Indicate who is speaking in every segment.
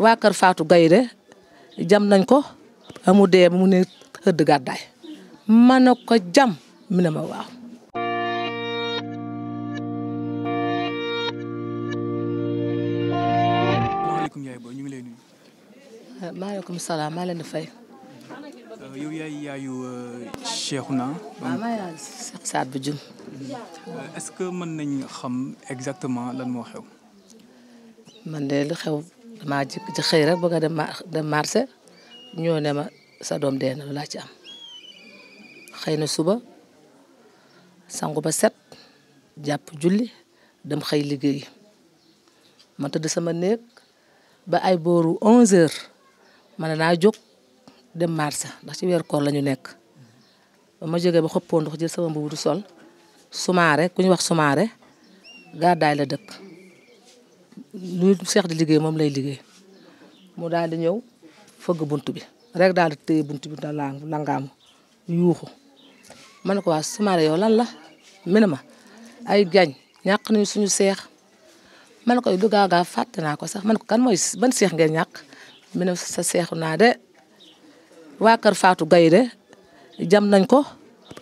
Speaker 1: waa kër Fatou Gaye jam nañ ko amu dee mu ne xëdd gàddaay ma ko jam mu ne ma waaw.
Speaker 2: maaleykum yaay booy ñu ngi lay
Speaker 1: euh, maaleykum salaam maa leen fay.
Speaker 2: Euh, yow yaay yaayu euh, Cheikhouna. waaw maa bu Jum. est-ce que mën nañ xam exactement lan moo xew.
Speaker 1: man de li xew. maa ji ci xëy rek bëgg a dem dem marché ñoo ma sa doom dee na laa ci am xëy na suba sangu ba set jàpp julli dem xëy liggéeyi ma tëdd sama néeg ba ay booru 11h ma ne naa jóg dem marché ndax ci weer koor la ñu nekk ba ma jógee ba xoppoo ndox jël sama mbubu du sol sumaare ku ñu wax sumaare gàddaay la dëkk. lu Cheikh di liggéey moom lay liggéey mo daal di ñëw fëgg bunt bi rek daal di téye bunt bi da la langaam yuuxu ma ne ko waa Soumaré yow lan la mene ma ay gaañ ñàq nañu suñu seex ma ne ko du gaaw gaaw fàtte naa ko sax ma ne ko kan mooy seex ngeen ñàq mi ne sa seexu naa de waa kër Fatou Gaye de jam nañ ko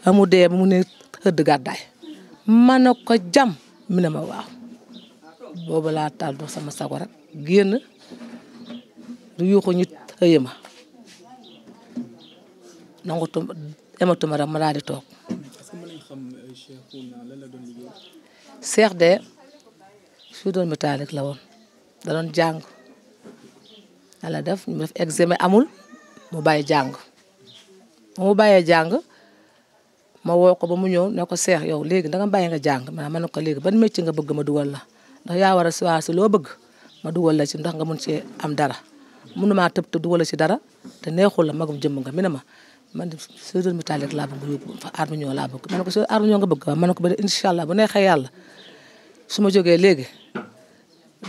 Speaker 1: amu dee mu ne xëdd gàddaay ma ne ko jam mi boobu laa tàddu sama sago rek génn du yuuxu ñu xëy ma nangu tu ematuma rek ma daal di toog. seex euh, de su doon métallique la woon da doon jàng yàlla def ñu def examen amul mu bàyyi jàng ba mu bàyyee jàng ma woo ko ba mu ñëw ne ko seex yow léegi danga bàyyi nga jàng maanaam ma ne ko léegi ban métier nga bëgg ma dugal la. ndax yaa war a loo bëgg ma dugal la ci ndax nga mun cee am dara munumaa tëb te dugal la ci dara te neexul la magum jëmm nga mi ne ma man soudure métallique rek laa bëgg yóbbu fa armignon laa bëgg ma ne ko so armignon bëgg waaw ma ne ko ba incha allah bu neexee yàlla su ma jógee léegi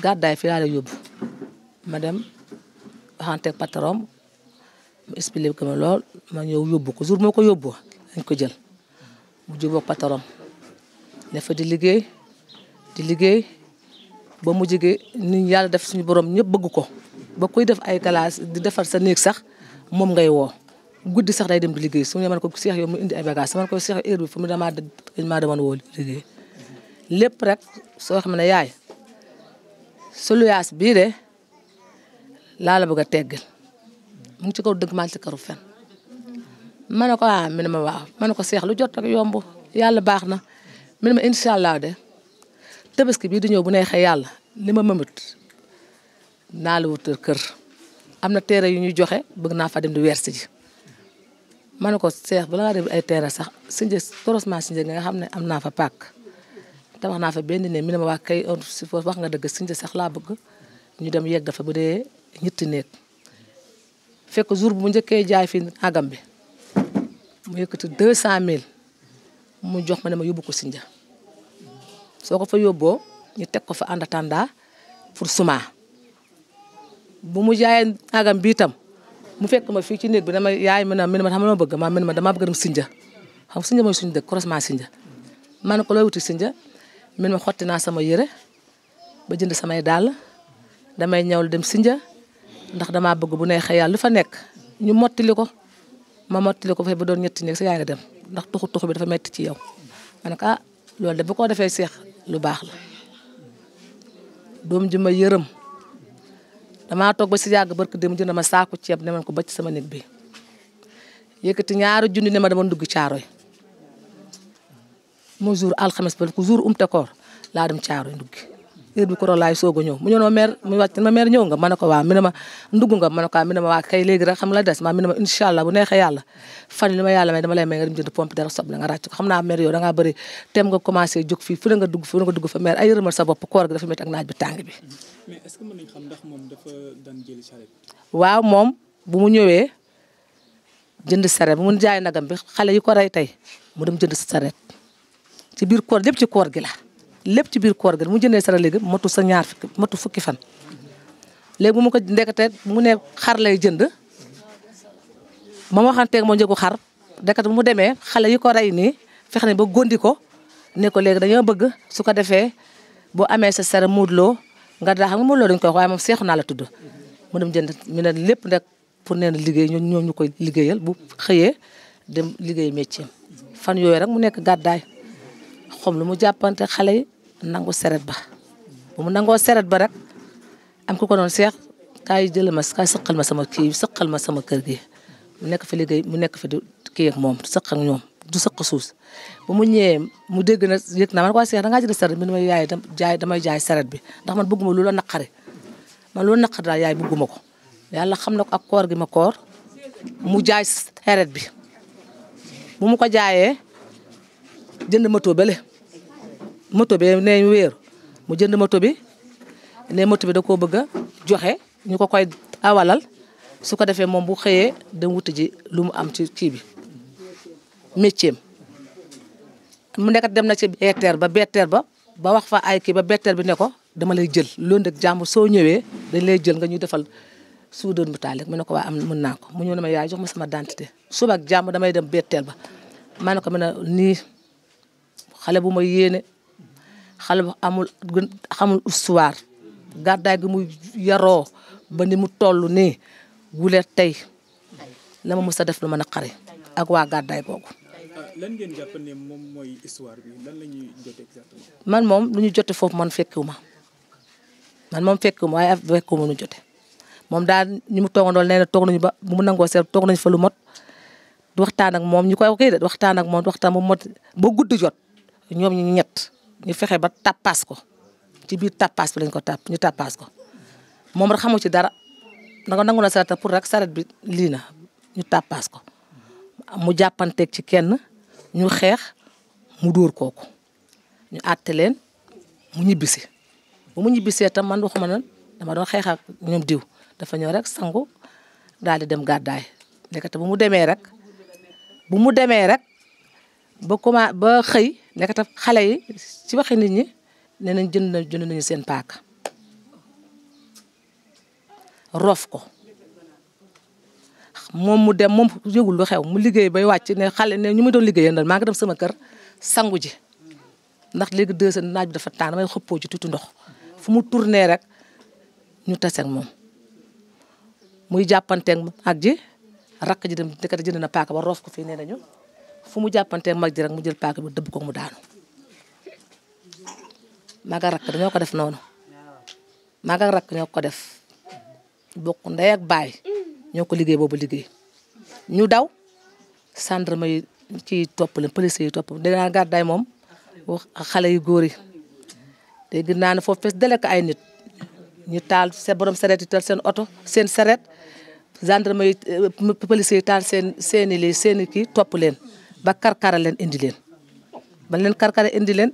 Speaker 1: gàddaay fi laa ma dem waxanteeg patron mu expliqué ko ma lool ma ñëw yóbbu ko jour moo ko yóbbu dañ ko jël mu jubóog ne fa di liggéey ba mu jege ni yàlla def suñu borom ñëpp bëgg ko ba kuy def ay kalaas di defar sa néeg sax moom ngay woo guddi sax day dem di liggéey su ma man ko seex mu indi ay bagage sama ko seex heure bi fu mu damaa maa demoon woo liggéey lépp rek soo xam yaay su bii de laa la bëgg a mu ngi ci kaw dëgg maa ngi ci ne ko ah mi ma waaw ma ne ko seex lu jot ak yomb yàlla baax na mi ne ma incha de tabaski bii di ñëw bu neexee yàlla li ma mëmët naa la wutal kër am na terrain yu ñuy joxe bëgg naa fa dem di wersi ji ma ne ko seex bala ngaa dem ay terrain sax sinjë croisement sinjë nga xam ne am naa fa pàkk tabax naa fa benn néeg mi ne ma waa kay on si foofu wax nga dëgg sinjë sax laa bëgg ñu dem yegg fa bu dee ñetti néeg fekk jour bu mu njëkkee jaay fi àggam bi mu cent mille mu jox ma ne ma yóbbu ko sinjë soo ko fa yóbboo ñu teg ko fa en attendant pour suma bu mu jaayee naagam bi itam mu fekk ma fii ci nit bi dama yaay mi ne mi ne ma xam nga ma bëgg ma mi ne ma damaa bëgg dem Sinja xam Sinja mooy suñu dëkk croisement Sinja ma ne ko looy wuti Sinja mi ne xotti naa sama yére ba jënd samay dàll damay ñawlu dem Sinja ndax damaa bëgg bu neexee yàlla lu fa nekk ñu mottali ko ma mottali ko fa ba doon ñetti néeg sa yaay dem ndax tuxu tuxu bi dafa metti ci yow ma loolu de bu ko defee seex lu baax la doom ji ma yërëm damaa toog ba si yàgg barke dem jënd ma saako ceeb ne ma ko bëcc sama nit bi yëkkati ñaari juni ne ma dama dugg caaroy moo jour alxames ba ko jour umte koor laa dem caaroy nduggi heure bi koron laay soog a ñëw mu ñëw mère mu wàcc ma mère ñëw nga ma ne ko waa mi ne ma ndugg nga ma ne ko waa mi ne ma waa kay léegi rek xam la des ma mi ne ma incha allah bu neexee yàlla fan li ma yàlla may dama lay may nga dem jënd pompe dara soble nga ràcc ko xam naa mère yow da ngaa bëri tem nga commencé jóg fii fu ne nga dugg fu ne nga dugg fa mère ay yërëmal sa bopp koor gi dafa métti ak naaj bi tàng bi
Speaker 2: mais est-ce que mën nañ xam ndax moom dafa daan jëli charette
Speaker 1: waaw moom bu mu ñëwee jënd saret bu mu jaay nagam bi xale yi ko rey tey mu dem jënd saret ci biir koor lépp ci koor gi la lépp ci biir koor mu jëndee sara léegi matu sa ñaar fukki matu fukki fan léegi mu ma ko ndekete mu ne xar lay jënd ma waxanteeg ma njëgu xar ndekete mu demee xale yi ko rey nii fex ne ba gondi ko ne ko léegi dañoo bëgg su ko defee boo amee sa sara muudloo nga daa xam nga moom loolu dañ koy wax waaye seexu naa la tudd mu dem jënd ñu ne lépp nag pour neen liggéey ñoo ñoo ñu koy liggéeyal bu xëyee dem liggéey métier fan yooyu rek mu nekk gàddaay xom lu mu jàppante xale yi nangu seret ba bu mu nangoo seret ba rek am ku ko doon seex kaay jël ma kaay sëqal ma sama kii sëqal ma sama kër mu nekk fi liggéey mu nekk fi di kii moom sëq ak ñoom du sëq suus ba mu ñëwee mu dégg na yëg naa man ko seex da ngaa jël seret bi damay yaay jaay damay jaay seret bi ndax man bëgguma lu la naqari man lu daal yaay bëgguma ko yàlla xam na ko ak koor gi ma koor mu jaay seret bi bu mu ko jaayee jënd moto bële moto bi nee wéer mu jënd moto bi ne moto bi da koo bëgg a joxe ñu ko koy awalal su ko defee moom bu xëyee dem wuti ji lu am ci kii bi métier mu nekkat dem na ci hectare ba betteer ba ba wax fa ay kii ba betteer bi ne ko dama lay jël loon nag jàmm soo ñëwee dañ lay jël nga ñu defal suudar bu taal mu ne ko waa am mën naa ko mu ñëw ne ma yaay jox ma sama dentité suba ak jàmm damay dem betteer ba maa ne ko mën a nii xale bu ma yéene xale bu amul xamul histoire gàddaay gi muy yaroo ba ni mu toll nii wuleet tey la ma mës a def lu mën a xare ak waa gàddaay googu.
Speaker 2: lan ngeen jàpp ne moom mooy histoire bi lan la ñuy jotee exactement.
Speaker 1: man moom lu ñu jote foofu man fekkiwu ma man moom fekkiwu ma waaye ab fekkiwu ma nu jote moom daal ñi mu toogandool nee na toog nañu ba bu mu nangoo seet toog nañu fa lu mot waxtaan ak moom ñu koy kii de waxtaan ak moom waxtaan bu mot ba jot ñoom ñu ñett. ñu fexe ba tappaas ko ci biir tappaas bi lañ ko tapp ñu tappaas ko moom rek xamu ci dara danga nangu na pour rek saret bi lii na ñu tappaas ko mu jàppanteeg ci kenn ñu xeex mu dóor kooku ñu àtte leen mu ñibbisi bu mu ñibbisee tam man waxuma na dama doon xeex ak ñoom diw dafa ñëw rek sangu daal di dem gàddaay ndekete bu mu demee rek bu mu demee rek ba commencé ba xëy nekk tam xale yi ci waxe nit ñi nee nañ jënd na jënd seen paaka roof ko moom mu dem moom yëgul lu xew mu liggéey bay wàcc ne xale ne ñu ma doon liggéeyal maa ngi dem sama kër sangu ji ndax léegi deux seen naaj bi dafa tàng damay xëppoo ci tuuti ndox fu mu tourné rek ñu tase moom muy jàppanteeg ak ji rakk ji dem dëkk jënd na paaka ba roof ko fii nee nañu fu mu jàppantee mag ji rek mu jël paaka bi dëbb ko mu daanu mag ak rakk dañoo ko def noonu ñoo ko def bokk ndey ak baay ñoo ko liggéey boobu liggéey ñu daw ma yi ci topp leen police yi topp dinaa moom xale yu góor yi dégg naa ne foofu fees dale ay nit ñu taal seen borom sareet yi taal seen oto seen sareet gendarme yi euh, police yi taal seen seeni lii seeni kii topp leen ba karkara leen indi leen ban leen karkara indi leen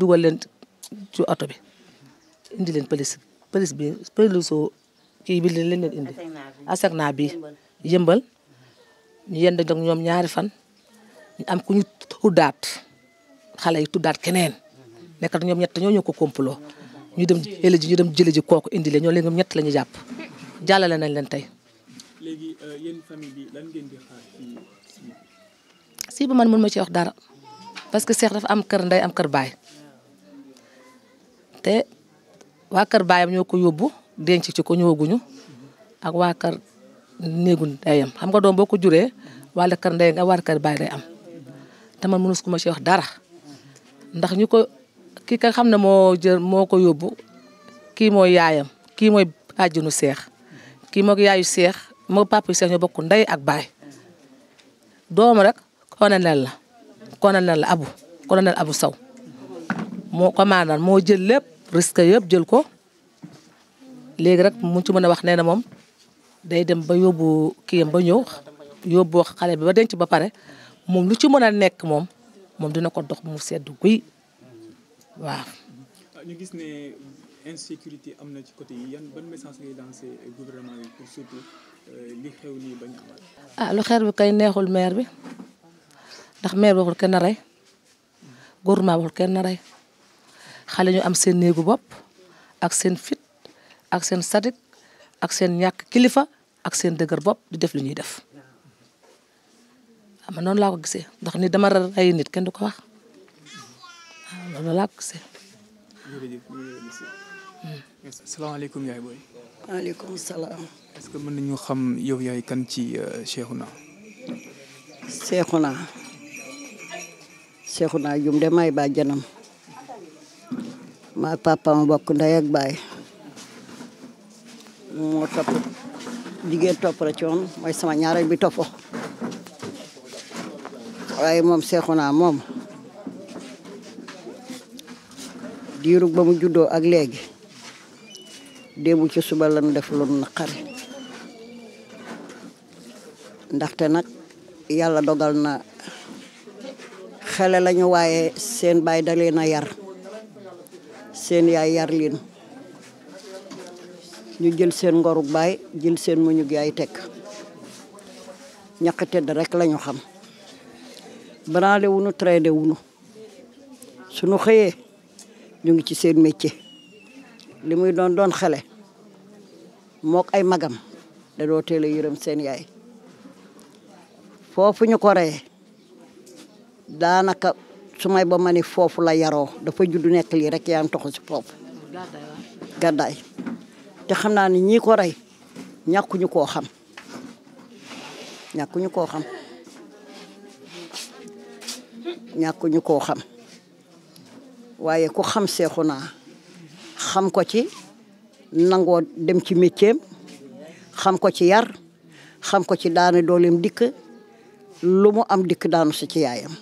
Speaker 1: dugal leen ci oto bi indi leen police police bi police kii bi leen leen indi asek naa bi yëmbal ñu yend ak ñoom ñaari fan am ku ñu tuddaat xale yi tuddaat keneen nekkat ñoom ñett ñoo ñoo ko complot ñu dem jële ji ñu dem kooku indi leen ñoo leen ñoom ñett la ñu jàpp jàllale nañ leen tey.
Speaker 2: léegi euh, bi
Speaker 1: si ba man mën ma ci wax dara parce que Cheikh dafa am kër ndey am kër baay te waa kër baayam ñoo ko yóbbu denc ci ko ñëwaguñu ak waa kër néegu ndeyam xam nga doom boo ko juree wàllu kër ndey nga war kër baay day am te man mënus ku ma ci wax dara ndax ñu ko kii ka xam ne moo jël moo ko yóbbu kii mooy yaayam kii mooy àjjunu seex kii moog yaayu seex moo papa yu seex ñoo bokk ndey ak baay doom rek colonel la colonel la abu colonel abu saw moo commandant moo jël lépp risque yëpp jël ko léegi rek mu ci mën a wax nee na moom day dem ba yóbbu kiyam ba ñëw yóbbu xale bi ba denc ba pare moom lu ci mën a nekk moom moom dina ko dox mu sedd guy
Speaker 2: waaw. Ah, ñu gis insécurité am na ci côté yi yan ban message ngay euh, ah
Speaker 1: lu xeer bi kay neexul maire bi. ndax maire waxul kenn rey gouvernement waxul kenn rey xale ñu am seen néegu bopp ak seen fit ak seen sadik ak seen ñàkk kilifa ak seen dëgër bopp di def li ñuy def ama noonu laa ko gisee ndax ni dama rey nit kenn du ko wax waaw
Speaker 2: loolu gisee. Hmm. salaamaaleykum yaay booy. maaleykum que mën nañu xam yow yaay kan ci euh, Cheikhouna.
Speaker 3: Cheikhouna. Seexuna Jum de may bàjjanam ma papa ma bokk ndey baay moo topp jigéen topp ra ci woon mooy sama ñaareel bi toppoo waaye moom Seexuna moom diirug ba mu juddoo ak léegi démb ci suba lan def lu naqari ndaxte nag yàlla dogal na xele lañu waaye seen baay da leen a yar seen yaay yar leen ñu jël seen ngoruk baay jël seen muñug yaay teg ñaq tedd rek lañu xam banaale wunu traité wunu sunu xëyee ñu ngi ci seen métier li muy doon doon xele mook ay magam da doo teel a yërëm seen yaay foofu ñu ko reye daanaka su may ba mani foofu la yaroo dafa judd nekk lii rek yaa ngi toxu si foofu. gàddaay te xam naa ne ñii ko rey ñàkkuñu koo xam ñàkkuñu koo xam ñàkkuñu koo xam waaye ku xam seexu naa xam ko ci nangoo dem ci métier xam ko ci yar xam ko ci daane dooleem dikk lu mu am dikk daanu si ci yaayam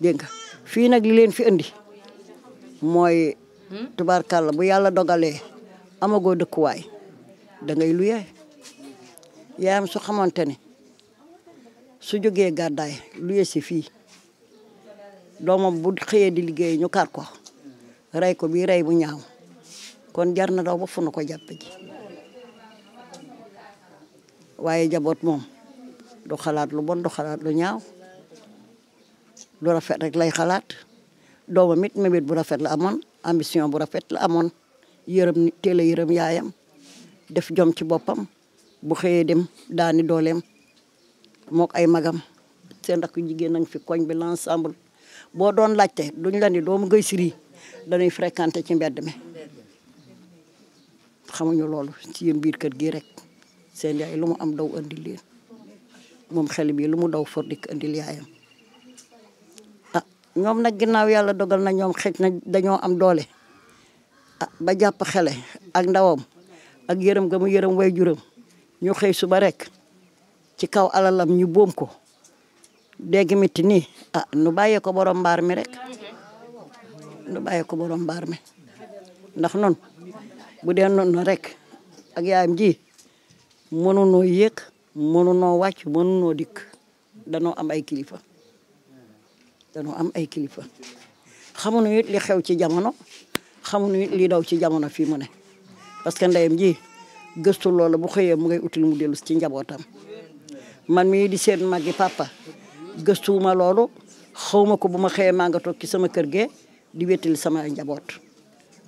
Speaker 3: dégg nga fii nag li leen fi indi mooy hmm? tubaarkàlla bu yàlla dogalee amagoo dëkkuwaay dangay ngay luye yaayam su xamante ne su jógee gàddaay luye si fii doomam bu xëyee di liggéey ñu kar ko rey ko bii rey bu ñaaw kon jar na daw ba fu ko jàppe ji waaye jaboot moom du xalaat lu bon du xalaat lu ñaaw lu rafet rek lay xalaat doomam it mébét bu rafet la amoon ambition bu rafet la amoon yërëm teel a yërëm yaayam def jom ci boppam bu xëyee dem daani dooleem mook ay magam seen rakk jigéen nañ fi koñ bi l'ensemble boo doon laajte duñ ñu ni doomu Gueye Siry dañuy fréquenté ci mbedd mi xamuñu loolu ci yéen biir kër gi rek seen yaay lu mu am daw andi moom xel bi lu mu daw for dikk andil yaayam ñoom nag ginnaaw yàlla dogal na ñoom xëj na dañoo am doole ah, ba jàpp xele ak ndawam ak yërëm ga mu yërëm way juram ñu xëy suba rek ci kaw alalam ñu boom ko dégg miti nii ah nu bàyyee ko borom mbaar mi rek nu bàyyee ko borom mbaar mi ndax noonu bu dee noonu rek ak yaayam ji mënunoo yéeg mënunoo wàcc mënunoo dikk danoo am ay kilifa danoo am ay kilifa xamuñu it li xew ci jamono xamuñu it li daw ci jamono fii mu ne parce que ndeyam ji gëstu loola bu xëyee mu ngay util mu dellu ci njabootam man mii di seen magi papa gëstuwuma loolu xawma ko bu ma xëyee maa nga toog ci sama kër gee di wéttali sama njaboot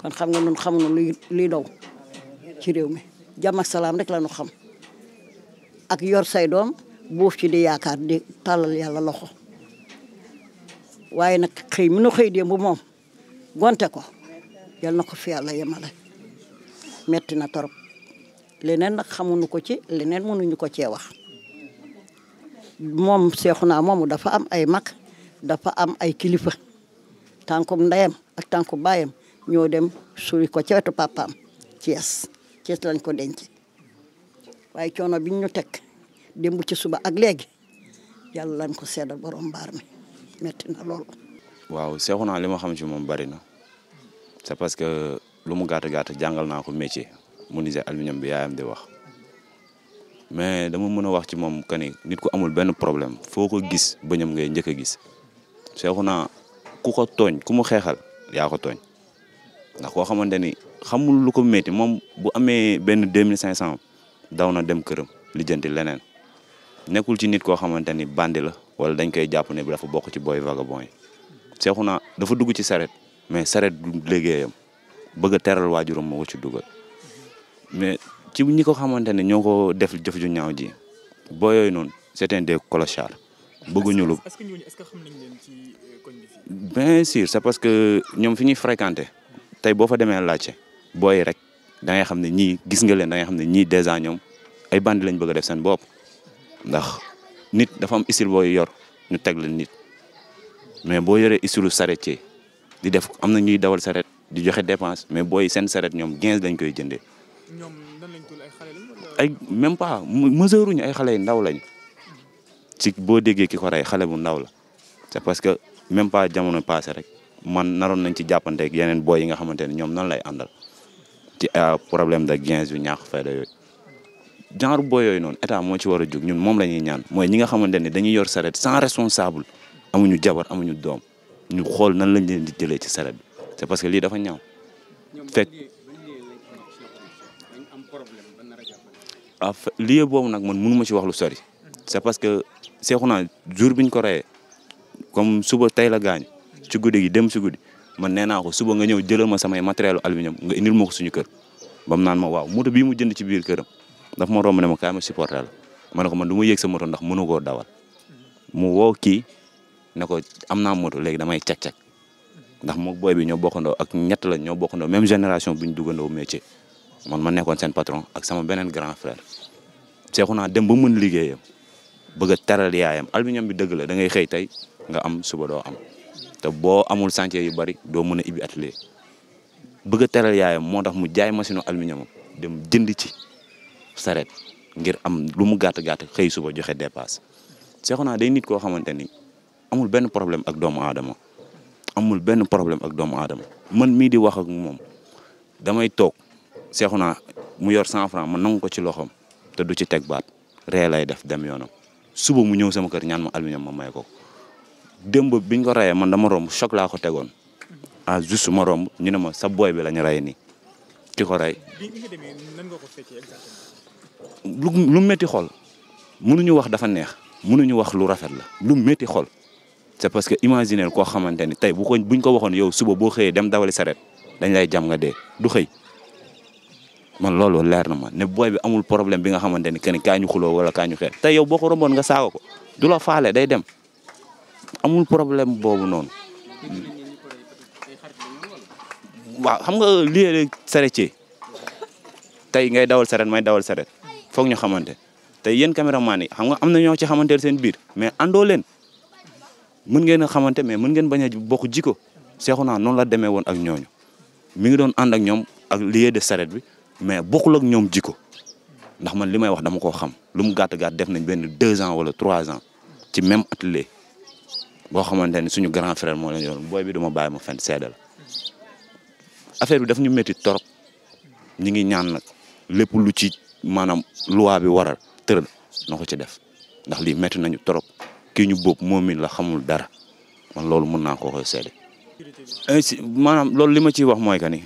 Speaker 3: kon xam nga nun xamuñu luy luy daw ci réew mi jàmm ak salaam rek la ñu xam ak yor say doom buuf ci di yaakaar di tàllal yàlla loxo waaye nag xëy mi nu xëy démb moom gonte ko yal na ko fi yàlla yemale metti na torop leneen nag xamuñu ko ci leneen mënuñu ko cee wax moom Seexuna moom dafa am ay mag dafa am ay kilifa tànkum ndeyam ak tànku baayam ñoo dem suri ko ci wetu papaam Thiès Thiès lañ ko denc waaye coono biñ ñu teg démb ci suba ak léegi yàlla lañ ko seddal borom mbaar mi metti na lool.
Speaker 4: waaw seexu naa li ma xam ci moom bari na c'est parce que lu mu gàtt gàtt jàngal naa ko métier menuisier aluminium bi yaayam di wax mais dama mën a wax ci moom que nit ko amul benn problème foo ko gis bëñam ngay njëkk a gis seexu naa ku ko tooñ ku mu xeexal yaa ko tooñ ndax koo xamante ni xamul lu ko métti moom bu amee benn deux mille cinq cent daw na dem këram lijjanti leneen nekkul ci nit koo xamante ni bandi la. wala dañ koy jàpp ne bi dafa bokk ci booy vagabond yi Seexuna dafa dugg ci saret mais saret du liggéeyam bëgg a teral waajuram moo ko ci dugal mais ci ñi ko xamante ne ñoo ko def jëf ju ñaaw ji boo yooyu noonu c'était des clochards
Speaker 2: bëgguñu lu. est-ce est que xam nañ leen ci euh, koñ
Speaker 4: bien sûr c'est parce que ñoom fi ñuy fréquenté tey boo fa demee laajte booy rek da ngay xam ne ñii gis nga leen da xam ne ñii dèjà ñoom ay bandi lañ bëgg def seen bopp nit dafa am style booy yor ñu teg la nit mais boo yoree style charretier di def am na ñuy dawal charrette di joxe dépense mais booy seen charrette ñoom 15 lañ koy jëndee. ñoom nan lañ tudd ay xale lañ ay même ay xale yu ndaw lañ ci boo déggee ki ko rey xale bu ndaw la c'est parce que même pas jamono passé rek man naroon nañ ci jàppanteeg yeneen booy yi nga xamante ne ñoom nan lay àndal ci ah, problème de 15 yu ñaax fayda yooyu. genre boo yooyu noonu état moo ci war a jóg ñun moom la ñuy ñaan mooy ñi nga xamante ne dañuy yor saret sans responsable amuñu jabar amuñu doom ñu xool nan lañ leen di jëlee ci saret bi parce que lii dafa ñaaw fekk ah lieu boobu nag man mënu ma ci wax lu sori c'est parce que Seexuna jour biñ ko reyee comme suba tey la gaañ ci guddi gi dem ci guddi man nee naa ko suba nga ñëw jëlal ma samay matériel aluminium nga indil ma ko suñu kër bam naan ma waaw moto bii mu jënd ci biir këram daf ma romb ne ma kaay ma supporter la ma ne ko man du ma yéeg sa moto ndax mënu koo dawal mu woo kii ne ko am naa moto léegi damay cag-cag ndax moom booy bi ñoo bokkandoo ak ñett la ñoo bokkandoo même génération bu ñu duggandoo métier man ma nekkoon seen patron ak sama beneen grand frère. naa dem ba mën liggéeyam bëgg a teral yaayam aluminium bi dëgg la da ngay xëy tey nga am suba doo am te boo amul chantier yu bari doo mën a ibbi atelier bëgg a yaayam moo tax mu jaay machine aluminium dem jënd ci. saret ngir am lu mu gàtt gàtt xëy suba joxe dépasse Cheikhouna day nit koo xamante ni amul benn problème ak doomu aadama amul benn problème ak doomu aadama man mii di wax ak moom damay toog Cheikhouna mu yor cent franc ma nangu ko ci loxoom te du ci teg baat ree lay def dem yoonam suba mu ñëw sama kër ñaan ma aluminium ma may ko démb biñ ko rayee man dama romb choc laa ko tegoon a ah, juste ma romb ñu ne ma sa booy bi la ñu rey nii ki ko rey. lu lu métti xol mënuñu wax dafa neex ñu wax lu rafet la lu métti xol c'est parce que imaginer koo xamante ni tey bu ko buñ ko waxoon yow suba boo xëyee dem dawali saret dañ lay jam nga dee du xëy man loolu leer na ma ne booy bi amul problème bi nga xamante ni que ni kaa ñu xuloo wala kaa ñu xeex tey yow boo ko romboon nga saaga ko du la faale day dem amul problème boobu noonu. waaw xam nga liy yële saret ci tey ngay dawal saret may dawal saret foog ñu xamante te yéen caméraman yi xam nga am na ñoo ci xamanteel seen biir mais àndoo leen mën ngeen xamante mais mën ngeen bañ a bokk jiko seexu naa noonu la demee woon ak ñooñu mi ngi doon ànd ak ñoom ak lieu de saret bi mais bokkul ak ñoom jiko ndax man li may wax dama koo xam lu mu gàtt gàtt def nañ benn deux ans wala trois ans ci même atelier boo xamante ne suñu grand frère moo leen booy bi duma bàyyi ma fenn seede la affaire bi daf ñu métti torop ñi ngi ñaan nag lépp lu ci maanaam loi bi war a tëral na ko ci def ndax lii métti nañu trop kii ñu boobu moom la xamul dara man loolu mën naa koo koy seede. ainsi eh, maanaam loolu li ma ciy wax mooy que ni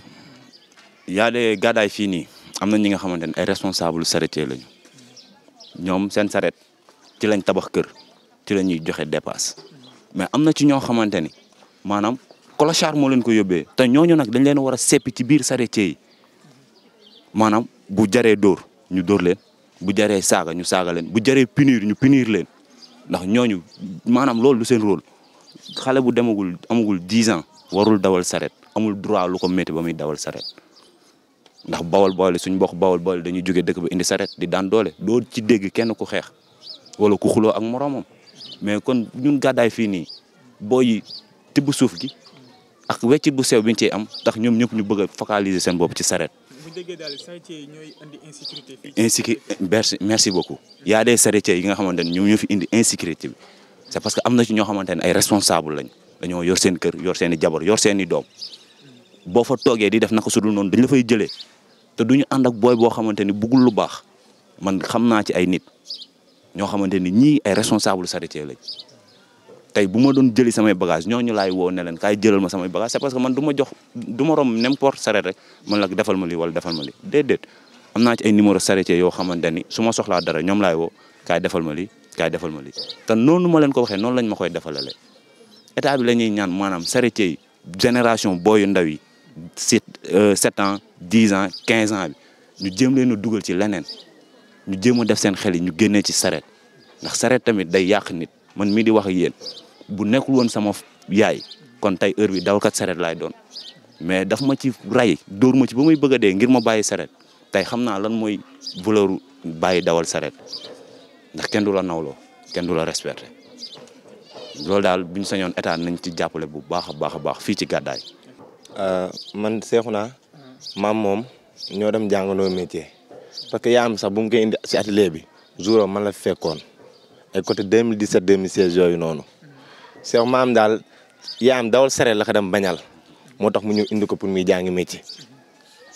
Speaker 4: yaa de gàddaay fii nii am na ñi nga xamante ne ay responsable charretier lañu ñoom seen saret ci lañ tabax kër ci la ñuy joxe dépasse mais am na ci ñoo xamante ni maanaam clochard moo leen ko yóbbee te ñooñu nag dañ leen war a seppi ci biir charretier yi maanaam bu jaree dóor. ñu dóor leen bu jaree saaga ñu saaga leen bu jaree punir ñu punir leen ndax ñooñu maanaam loolu lu seen rôle xale bu demagul amagul dix ans warul dawal saret amul droit lu ko métti ba muy dawal saret ndax bawal bawal suñu mbokk bawal bawal dañuy jógee dëkk ba indi saret di daan doole doo ci dégg kenn ku xeex wala ku xuloo ak moroomam mais kon ñun gàddaay fii nii booy yi bu suuf gi ak weccit bu sew biñ cee am ndax ñoom ñëpp ñu bëgg a focaliser seen bopp ci saret
Speaker 2: déggee daal charretiers yi ñooy indi insécurité fii. insécu
Speaker 4: merci merci beaucoup. y a des yi nga xamante ne ñoom ñoo fi indi insécurité c'est parce que am na ci ñoo xamante ay responsable lañ dañoo yor seen kër yor seen i jabar yor seeni doom boo fa toogee di def naka su dul noonu dañ la fay jëlee te duñu ànd ak booy boo xamante ni bëggul lu baax man xam naa ci ay nit ñoo xamante ni ñii ay responsable charretiers lañ. tey bu ma doon jëli samay bagage ñooñu laay woo ne leen kaay jëlal ma samay bagage c'est parce que man du ma jox du ma rom n'importe rek man la defal ma li wala defal ma li lii déedéet am naa ci ay numéro charretier yoo xamante ni suma ma dara ñoom laay woo kaay defal ma li kaay defal ma li te noonu ma leen ko waxee noonu lañ ma koy defalalee état bi la ñuy ñaan maanaam charretier yi génération booyu ndaw yi sept euh, sept ans dix ans quinze ans bi ñu jëm leen a dugal ci leneen ñu jéem a def seen xel yi ñu génnee ci saret ndax saret tamit day yàq nit man mii di wax ak yéen bu nekkul woon sama yaay kon tey heure bi dawalkat saret laay doon mais daf ma ci ray dóor ma ci ba muy bëgg a dee ngir ma bàyyi saret tey xam naa lan mooy valeur bàyyi dawal saret ndax kenn du la nawloo kenn du la respecté loolu daal bu ñu sañoon état nañ ci jàppale bu baax a baax a baax fii ci gàddaay. Euh, man Seexuna maam moom ñoo dem
Speaker 5: jàngandoo métier parce que yaa am sax bu mu koy indi si atelier bi jour man la fekkoon ay côté 2017 2016 yooyu noonu. Cheikh maam daal yaam dawal sareet la ko dem bañal moo tax mu ñu indi ko pour muy jàngi métier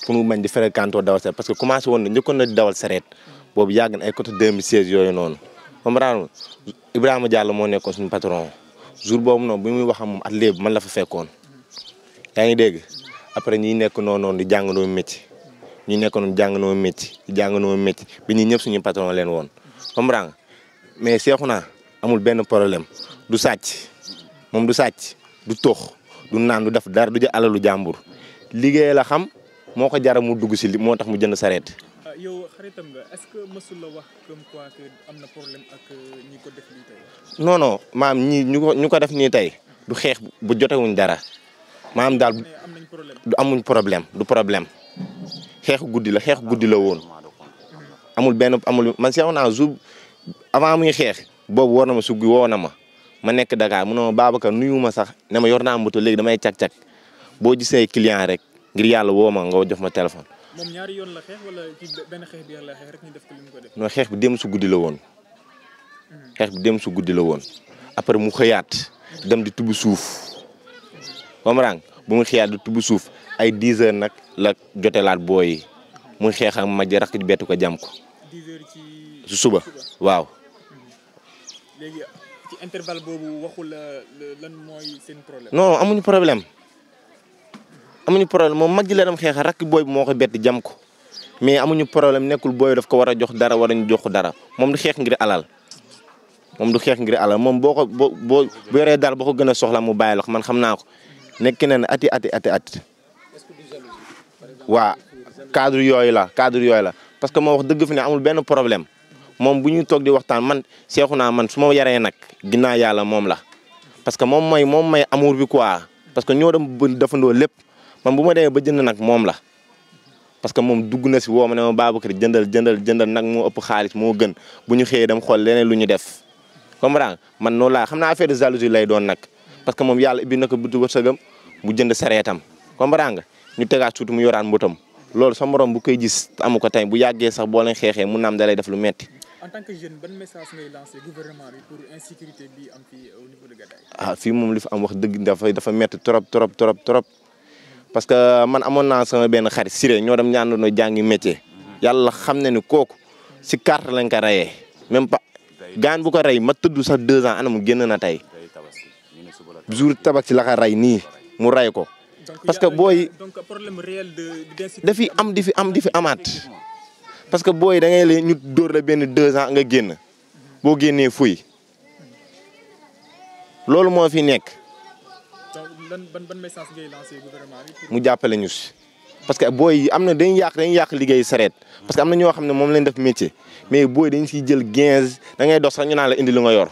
Speaker 5: pour mu bañ di fréquentoo dawal sareet parce que commencé woon na njëkkoon na di dawal sareet boobu yàgg ay côté 2016 yooyu noonu moom daal Ibrahima Diallo moo nekkoon suñu patron jour boobu noonu bi muy wax moom atelier bi man la fa fekkoon yaa ngi dégg après ñi nekk noonu di jàngandoo métier ñu nekk noonu jàngandoo métier jàngandoo métier bi ñuy ñëpp suñu patron leen woon comprends nga mais Cheikhouna amul benn problème du sàcc. moom du sàcc du toox du naan du def dara du jël alalu jàmbur liggéey la xam moo ko jara mu dugg si li moo tax mu jënd sareet.
Speaker 2: Ah, yow xaritam nga est la wax comme quoi que am na problème ak euh, ñi ko
Speaker 5: def maam ñii ñu ko ñu ko def nii tey du xeex bu jotewuñ dara maam daal. du amuñ problème du problème xeexu guddi la xeexu guddi la woon. amul benn amul man seetlu naa jour avant muy xeex boobu woo na ma sugg woo na ma. ma nekk Dakar mu ne ma Babacar nuyu ma sax ne ma yor naa moto léegi damay cag-cag boo gisee client rek ngir yàlla woo ma nga jox ma téléphone. moom
Speaker 2: ñaari yoon xeex
Speaker 5: wala bi dem su guddi la woon. Mm-hmm. su guddi la woon. après mu xëyaat. dem di tubb suuf. comprendre bu mu xëyaat di tubb suuf ay 10 heures nag la jotelaat booy yi muy xeex ak ma rakk ji bettu ko jam ko. 10 su suba waaw.
Speaker 2: Mm-hmm. ci intervalle boobu waxul lan mooy seen problème. non amuñu
Speaker 5: problème amuñu problème moom mag ji la dem xeex rakk booy bi moo ko bett jam ko mais amuñu problème nekkul booy daf ko war a jox dara war ñu jox ko dara moom du xeex ngir alal moom du xeex ngir alal moom boo ko boo boo bu yoree daal boo ko gën a soxla mu bàyyi lox man xam naa ko nekk na ne ati ati ati ati waa cadre yooyu la cadre yooyu la parce que moo wax dëgg fi ne amul benn problème. moom bu ñu toog di waxtaan man seexu naa man su ma yaree nag ginnaaw yàlla moom la parce que moom mooy moom may amour bi quoi parce que ñoo dem defandoo lépp man bu ma demee ba jënd nag moom la parce que moom dugg na si woo ma ne ma Babacar jëndal jëndal jëndal nag moo ëpp xaalis moo gën bu ñu xëyee dam xool leneen lu ñu def comprendre man noo laa xam naa affaire de lay doon nag parce que moom yàlla ibbi na ko butu wërsëgam bu jënd sareetam comprendre nga ñu tegaat suutu mu yoraan mbotam loolu sa morom bu koy amu ko tey bu yàggee sax boo leen xeexee mun na am dalay def lu metti
Speaker 2: en tant que jeune ban message ngay lancer gouvernement bi
Speaker 5: ah fii moom li fi am wax dëgg dafay dafa métti trop trop trop parce que man amoon naa sama benn xarit Siré ñoo dem ñaandoonoo jàngi métier. yàlla xam na ni kooku si carte lañ ko reyee même pas gaan bu ko rey ma tëdd sax deux ans mu génn na tey jour tabaski la ko rey nii mu rey ko. parce que booy. dafi am di fi am di fi amaat. parce que booy dangay ngay la ñu dóor la benn deux ans nga génn boo génnee fuy loolu moo fi nekk.
Speaker 2: lan ban ban message ngay lancer
Speaker 5: mu jàppale ñu si. parce que booy am na dañuy yàq dañuy yàq liggéey sareet parce que am na ñoo xam ne moom lañ def métier mais booy dañ siy jël quinze da ngay dox sax ñu naan la indi lu nga yor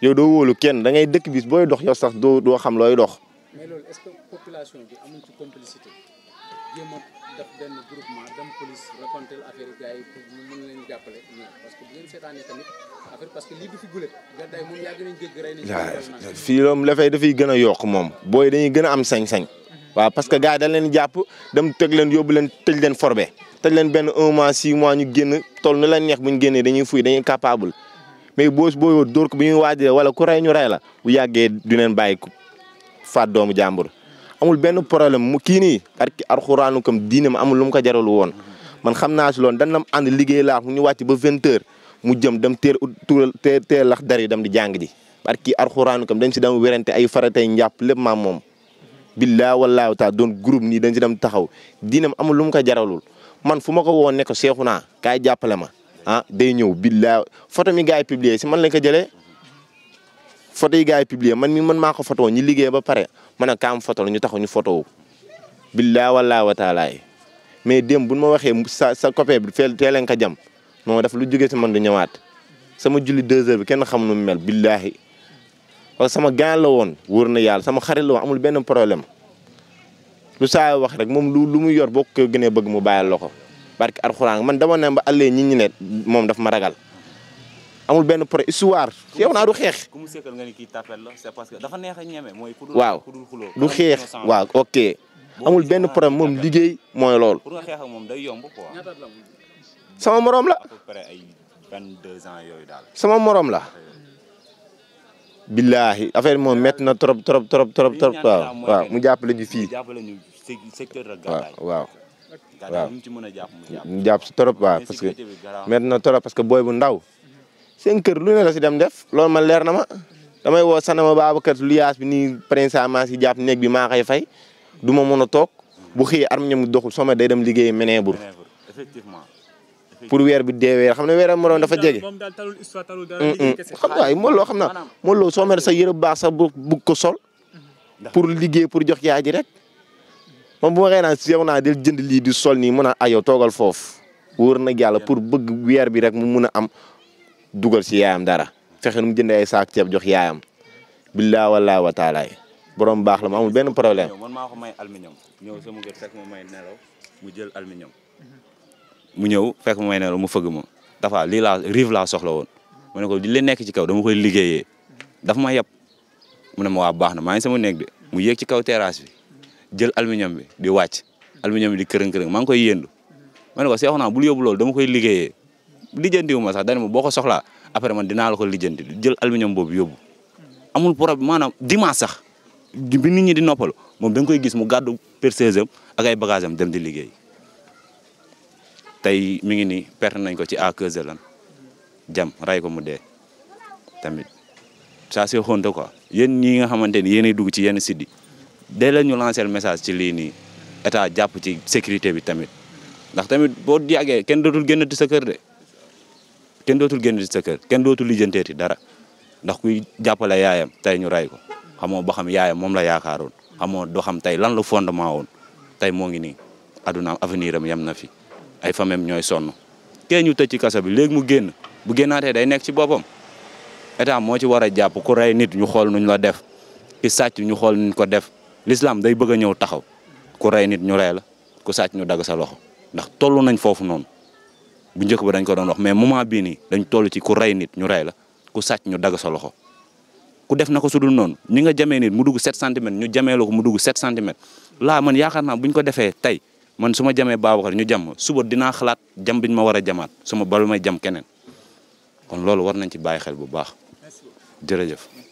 Speaker 5: yow doo wóolu kenn da ngay dëkk bis booy dox yow sax doo doo xam
Speaker 2: looy dox. mais loolu est-ce que population bi amuñ jéem a def benn que bu ngeen seetaanee tamit
Speaker 5: dafay gën a yokk moom booy dañuy gën a am sañ-sañ waaw parce que gars yi leen jàpp dem teg leen yóbbu leen tëj leen forbe tëj leen benn un mois six mois ñu génn toll nu la neex bu ñu génnee dañuy fuy dañuy capable mais boo booyoo dóor ko bi ñuy waajee wala ku rey ñu rey la bu yàggee du leen bàyyi faat doomu jàmbur amul benn problème mu kii nii barki alxuraanu kam diine ma amul lu mu ko jaralu woon man xam naa si loon dan nam ànd liggéey laa mu ñu wàcc ba vingt heures mu jëm dem teel tuural teel lax dar yi dem di jàng ji barki alxuraanu kam dañ si dem werante ay faratay njàpp lépp maam moom billaa wallaahi taala doon groupe nii dañ si dem taxaw diinam amul lu mu ko jaralul man fu ma ko woon ne ko seexu naa kaay jàppale ma ah day ñëw billaa photo mi gaay yi si man lañ ko jëlee photo yi gars man mi man maa ko photo ñi liggéey ba pare ma ne kaam la ñu taxu ñu photo wu billaa wallaa mais dem bu ma waxee sa sa copé bi fee teeleen ka jam non daf lu jóge si man du ñëwaat sama julli deux heures bi kenn xam nu mel billaahi parce que sama gaan la woon wóor na yàlla sama xarit la amul benn problème lu saa wax rek moom lu lu mu yor boo ko gënee bëgg mu bàyyal la ko barke alxuraan man dama ne ba àllee ñi ne moom dafa ma ragal amul benn pro histoire yow naa du xeex.
Speaker 4: ku mu sekkal nga ni kii tapet a ñeme mooy. ku dul ku dul xuloo waaw du xeex waaw ok.
Speaker 5: amul benn problème moom liggéey mooy loolu. pour
Speaker 4: nga xeex ak moom day yomb quoi. sama moroom la. à peu ay 22 ans yooyu daal.
Speaker 5: sama moroom la. billaahi affaire moom métti na trop trop trop trop trop. waaw waaw mu jàpp ñu fii. jàppale
Speaker 4: ñu secteur la gàllaay. waaw waaw. waaw mu jàpp si trop waaw parce que métti
Speaker 5: na trop parce que booy bu ndaw. seen kër lu ne la si dem def loolu man leer na ma damay woo sanama Babacar liaas bi nii prince maa si jàpp néeg bi maa koy fay du ma mën a toog bu xëyee ar ñam doxul soma day dem liggéey Ménébour effectivement pour weer bi dee xam ne weeram moroom dafa jege
Speaker 2: xam nga ay mooloo xam naa
Speaker 5: mooloo soo mel sa yërë baax sax bu bugg ko sol pour liggéey pour jox yaay ji rek moom bu ma xëy naa sew naa del jënd lii di sol nii mun a ayo toogal foofu wóor na yàlla pour bëgg weer bi rek mu mun a am dugal si yaayam dara fexe nu mu jëndee ay saak ceeb jox yaayam billaa wallaa wa taala
Speaker 4: borom baax la ma amul benn problème. man maa ko may aluminium ñëw sama kër fekk ma may nelaw mu jël aluminium mu ñëw fekk ma may mu fëgg ma dafa lii laa rive laa soxla woon ma ne ko li nekk ci kaw dama koy liggéeyee dafa ma yeb mu ne ma waa baax na maa ngi sama néeg de mu yéeg ci kaw terrasse bi jël aluminium bi di wàcc aluminium bi di kërën kërën maa ngi koy yëndu ma ne ko seexu naa bul yóbbu loolu dama koy liggéeyee. lijjantiwu ma sax dani ma boo ko soxlaa après man dinaa la ko lijjanti jël aluminium boobu yóbbu amul problème maanaam dimanche sax bi nit ñi di noppalu moom da nga koy gis mu gàddu perceuse am ak ay bagage am dem di liggéey tey mi ngi nii perte nañ ko ci à cause lan jam ray ko mu dee tamit ça c'est honte yen yéen ñi nga xamante ni yéenay dugg ci yenn sidi yi dee la message ci lii nii état jàpp ci sécurité bi tamit ndax tamit boo yàggee kenn dootul génnati sa kër de kenn dootul génn sa kër kenn dootul lijjanteeti dara ndax kuy jàppale yaayam tey ñu ray ko xamoo ba xam yaayam moom la yaakaaroon xamoo doo xam tey lan la fondement woon tey moo ngi nii adunaam avenir am yem na fi ay famem ñooy sonn kee ñu tëj ci kaso bi léegi mu génn bu génnaatee day nekk ci boppam état moo ci war a jàpp ku rey nit ñu xool nuñ la def ki sàcc ñu xool nuñ ko def l'islam day bëgg a ñëw taxaw ku rey nit ñu rey la ku sàcc ñu dagg sa loxo ndax tollu nañ foofu noonu bu njëkk ba dañ ko doon wax mais moment bii nii dañ toll ci ku rey nit ñu rey la ku sàcc ñu dagg sa loxo ku def na ko su dul noonu ñi nga jamee nit mu dugg 7 centimètres ñu jamee la ko mu dugg 7 centimètres laa man yaakaar naa buñ ko defee tey man suma ma jamee Babacar ñu jam suba dinaa xalaat jam biñ ma war a jamaat su ma balu may jam keneen kon loolu war nañ ci bàyyi xel bu baax jërëjëf